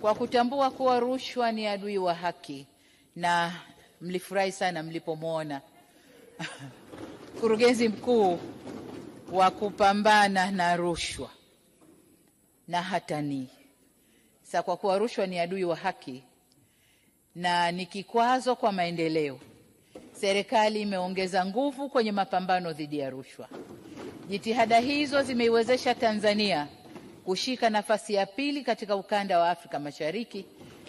kwa kutambua kuwa rushwa ni adui wa haki, na mlifurahi sana mlipomwona mkurugenzi mkuu wa kupambana na rushwa na hata ni sa, kwa kuwa rushwa ni adui wa haki na ni kikwazo kwa maendeleo, serikali imeongeza nguvu kwenye mapambano dhidi ya rushwa. Jitihada hizo zimeiwezesha Tanzania kushika nafasi ya pili katika ukanda wa Afrika Mashariki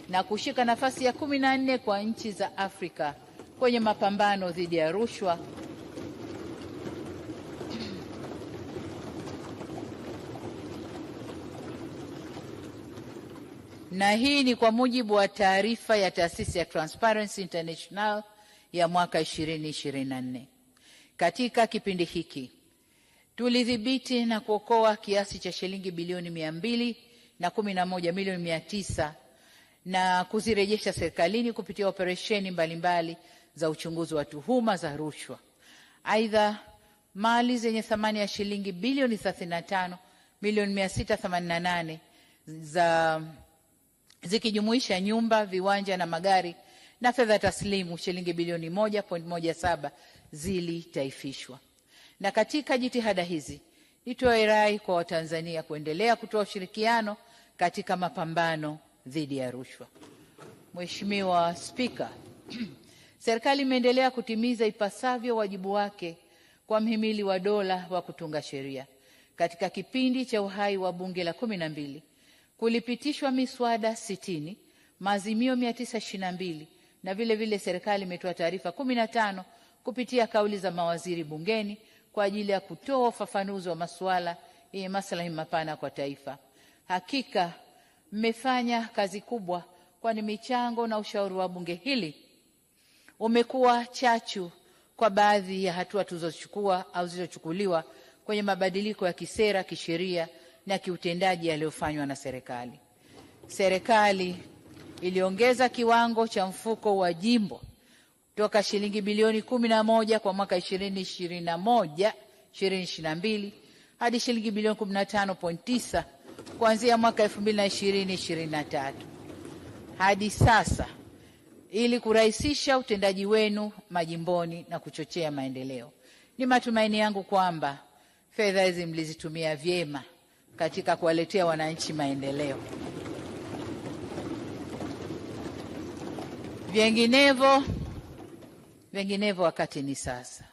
na kushika nafasi ya kumi na nne kwa nchi za Afrika kwenye mapambano dhidi ya rushwa na hii ni kwa mujibu wa taarifa ya taasisi ya Transparency International ya mwaka 2024. Katika kipindi hiki tulidhibiti na kuokoa kiasi cha shilingi bilioni mia mbili na kumi na moja milioni mia tisa na kuzirejesha serikalini kupitia operesheni mbalimbali za uchunguzi wa tuhuma za rushwa. Aidha, mali zenye thamani ya shilingi bilioni 35 milioni 688 za zikijumuisha nyumba, viwanja na magari na fedha taslimu shilingi bilioni 1.17 zilitaifishwa. Na katika jitihada hizi nitoe rai kwa Watanzania kuendelea kutoa ushirikiano katika mapambano dhidi ya rushwa. Mheshimiwa Spika, serikali imeendelea kutimiza ipasavyo wajibu wake kwa mhimili wa dola wa kutunga sheria. Katika kipindi cha uhai wa bunge la kumi na mbili kulipitishwa miswada sitini, maazimio 922 na na vilevile serikali imetoa taarifa tano kupitia kauli za mawaziri bungeni kwa ajili ya kutoa ufafanuzi wa masuala yenye maslahi mapana kwa taifa. Hakika mmefanya kazi kubwa, kwani michango na ushauri wa bunge hili umekuwa chachu kwa baadhi ya hatua tulizochukua au zilizochukuliwa kwenye mabadiliko ya kisera, kisheria na kiutendaji yaliyofanywa na serikali. Serikali iliongeza kiwango cha mfuko wa jimbo toka shilingi bilioni kumi na moja kwa mwaka ishirini ishirini na moja ishirini na mbili hadi shilingi bilioni kumi na tano point tisa kuanzia mwaka elfu mbili na ishirini ishirini na tatu hadi sasa ili kurahisisha utendaji wenu majimboni na kuchochea maendeleo. Ni matumaini yangu kwamba fedha hizi mlizitumia vyema katika kuwaletea wananchi maendeleo. Vinginevyo vinginevyo wakati ni sasa.